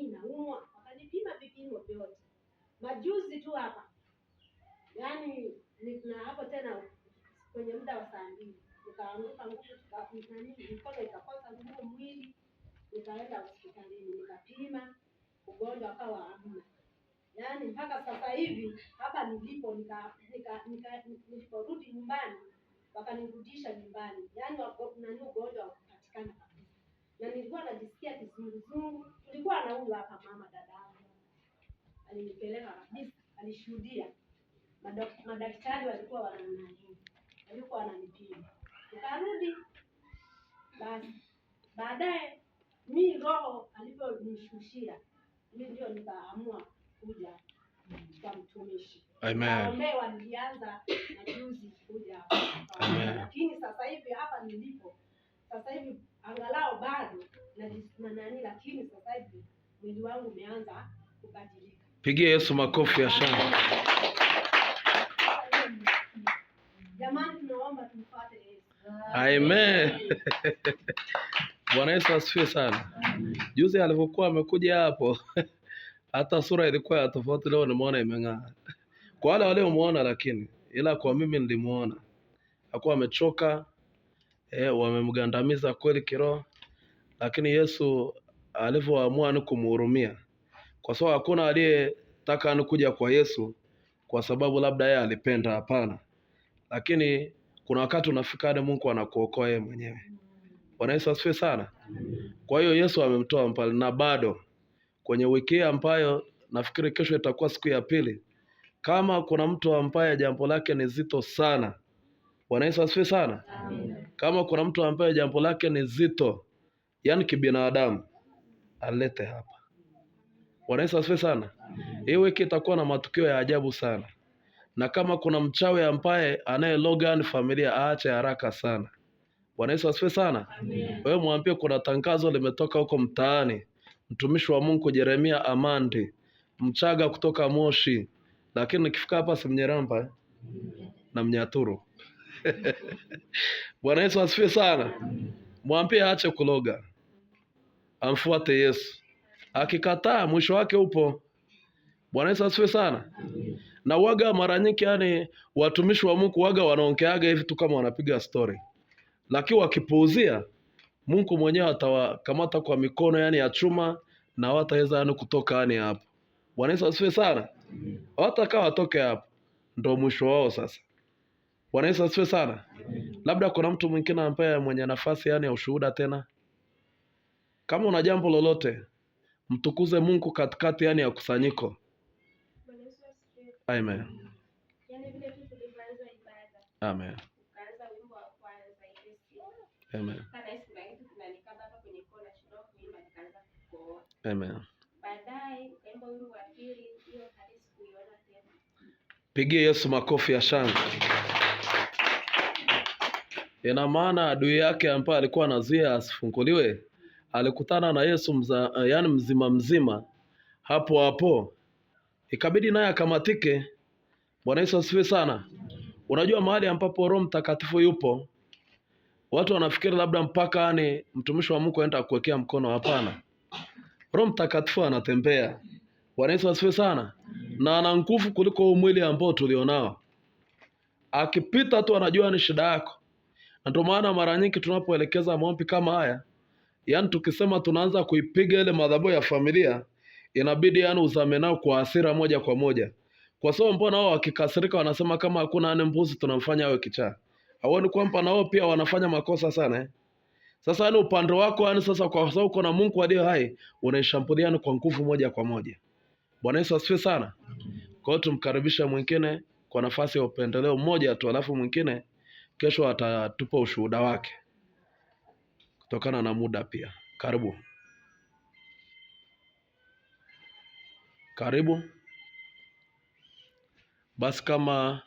mimi naumwa, wakanipima vipimo vyote majuzi tu hapa, yaani na hapo tena kwenye muda wa saa mbili nikaanguka nguvu, mkono ikakosa nguvu, mwili nikaenda hospitalini nikapima ugonjwa akawa hamna. Yaani mpaka sasa hivi hapa nilipo, niliporudi nyumbani wakanirudisha nyumbani, yaani nani ugonjwa wakupatikana na nilikuwa najisikia kizunguzungu. Tulikuwa na huyu hapa mama yangu alinipeleka kabisa, alishuhudia. Madaktari walikuwa wananani, walikuwa wananipima, nikarudi. Basi baadaye mi roho alivyonishushia mi ndio nikaamua kuja kwa mtumishi. Naombewa nilianza majuzi kuja, lakini sasa hivi hapa nilipo sasa hivi angalau bado na nani, lakini sasa hivi mwili wangu umeanza kubadilika. Pigia Yesu makofi ya shangwe. Jamani, tunaomba tumfuate Yesu. Amen. Bwana Yesu asifiwe sana. Juzi alivyokuwa amekuja hapo hata sura ilikuwa ya tofauti, leo nimeona imeng'aa kwa wale waliomwona, lakini ila kwa mimi nilimuona akuwa amechoka, eh, wamemgandamiza kweli kiroho, lakini Yesu alivyoamua ni kumhurumia, kwa sababu hakuna aliyetaka ni kuja kwa Yesu kwa sababu labda yeye alipenda. Hapana, lakini kuna wakati unafika hadi Mungu anakuokoa yeye mwenyewe. Bwana Yesu asifiwe sana. Kwa hiyo Yesu amemtoa mpale, na bado kwenye wiki hii ambayo nafikiri kesho itakuwa siku ya pili, kama kuna mtu ambaye jambo lake ni zito sana Bwana Yesu asifiwe sana. Amen. Kama kuna mtu ambaye jambo lake ni zito, yani kibinadamu, alete hapa. Bwana Yesu asifiwe sana. Hii wiki itakuwa na matukio ya ajabu sana, na kama kuna mchawi ambaye anaye logan yaani familia aache haraka sana. Bwana Yesu asifiwe sana. Wewe mwambie kuna tangazo limetoka huko mtaani, mtumishi wa Mungu Jeremia Amandi Mchaga kutoka Moshi, lakini nikifika hapa si Mnyeramba eh? na Mnyaturu Bwana Yesu asifiwe sana. Mwambie aache kuloga, amfuate Yesu. Akikataa mwisho wake upo. Bwana Yesu asifiwe sana. Na waga mara nyingi, yani watumishi wa Mungu waga wanaongeaga hivi tu kama wanapiga story, lakini wakipuuzia Mungu mwenyewe atawakamata kwa mikono yani ya chuma na wataweza yani kutoka yani hapo. Bwana Yesu asifiwe sana. watakaa watoke hapo, ndo mwisho wao sasa. Bwana Yesu asifiwe sana. Labda kuna mtu mwingine ambaye mwenye nafasi yani ya ushuhuda tena. Kama una jambo lolote, mtukuze Mungu katikati yani ya kusanyiko. Amen. Yaani Amen. Amen. Amen. Pigie Yesu makofi ya shangwe. Ina maana adui yake ambaye alikuwa anazuia asifunguliwe alikutana na Yesu mza, yani mzima mzima hapo hapo, ikabidi naye akamatike. Bwana Yesu asifiwe sana. Unajua, mahali ambapo Roho Mtakatifu yupo watu wanafikiri labda mpaka ni mtumishi wa Mungu aenda kuwekea mkono. Hapana, Roho Mtakatifu anatembea. Bwana Yesu asifiwe sana, na ana nguvu kuliko huu mwili ambao tulionao. Akipita tu anajua ni shida yako na ndio maana mara nyingi tunapoelekeza maombi kama haya, yani tukisema tunaanza kuipiga ile madhabahu ya familia, inabidi yani uzame nao kwa hasira moja kwa moja, kwa sababu mbona wao wakikasirika wanasema kama hakuna ane yaani mbuzi tunamfanya awe kichaa. Hawoni kwamba na wao pia wanafanya makosa sana eh? Sasa yani upande wako yani, sasa kwa sababu uko na Mungu aliye hai, unaishambulia yani kwa nguvu moja kwa moja. Bwana Yesu asifiwe sana. Kwa hiyo tumkaribisha mwingine kwa nafasi ya upendeleo mmoja tu, alafu mwingine Kesho atatupa ushuhuda wake kutokana na muda pia. Karibu, karibu. Basi kama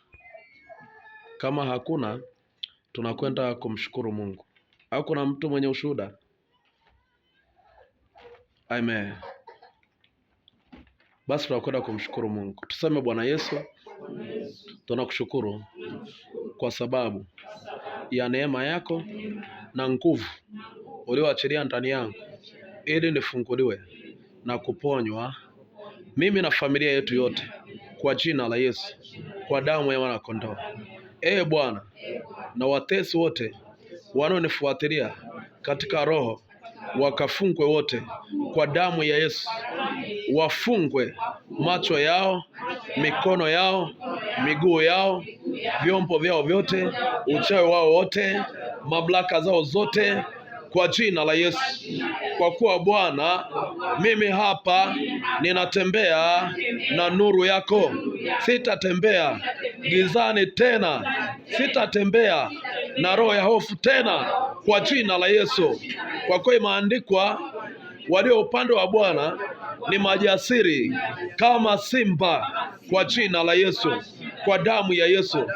kama hakuna, tunakwenda kumshukuru Mungu. Au kuna mtu mwenye ushuhuda? Amen. Basi tunakwenda kumshukuru Mungu. Tuseme Bwana Yesu, tunakushukuru kwa sababu ya neema yako na nguvu ulioachilia ndani yangu ili nifunguliwe na kuponywa mimi na familia yetu yote kwa jina la Yesu, kwa damu ya kondoo. Ee Bwana, na watesi wote wanaonifuatilia katika roho wakafungwe wote kwa damu ya Yesu, wafungwe macho yao, mikono yao miguu yao, vyombo vyao vyote, uchawi wao wote, mamlaka zao zote kwa jina la Yesu. Kwa kuwa Bwana, mimi hapa ninatembea na nuru yako, sitatembea gizani tena, sitatembea na roho ya hofu tena, kwa jina la Yesu. Kwa kuwa imeandikwa, walio upande wa Bwana ni majasiri kama simba, kwa jina la Yesu kwa damu ya Yesu.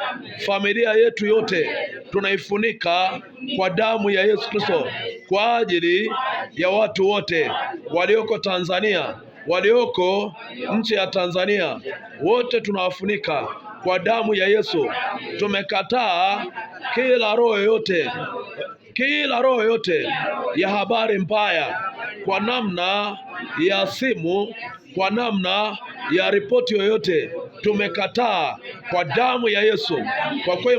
Familia yetu yote tunaifunika kwa damu ya Yesu Kristo, kwa ajili ya watu wote walioko Tanzania, walioko nchi ya Tanzania, wote tunawafunika kwa damu ya Yesu. Tumekataa kila roho yoyote, kila roho yoyote ya habari mbaya kwa namna ya simu, kwa namna ya ripoti yoyote tumekataa kwa damu ya Yesu kwa kweli.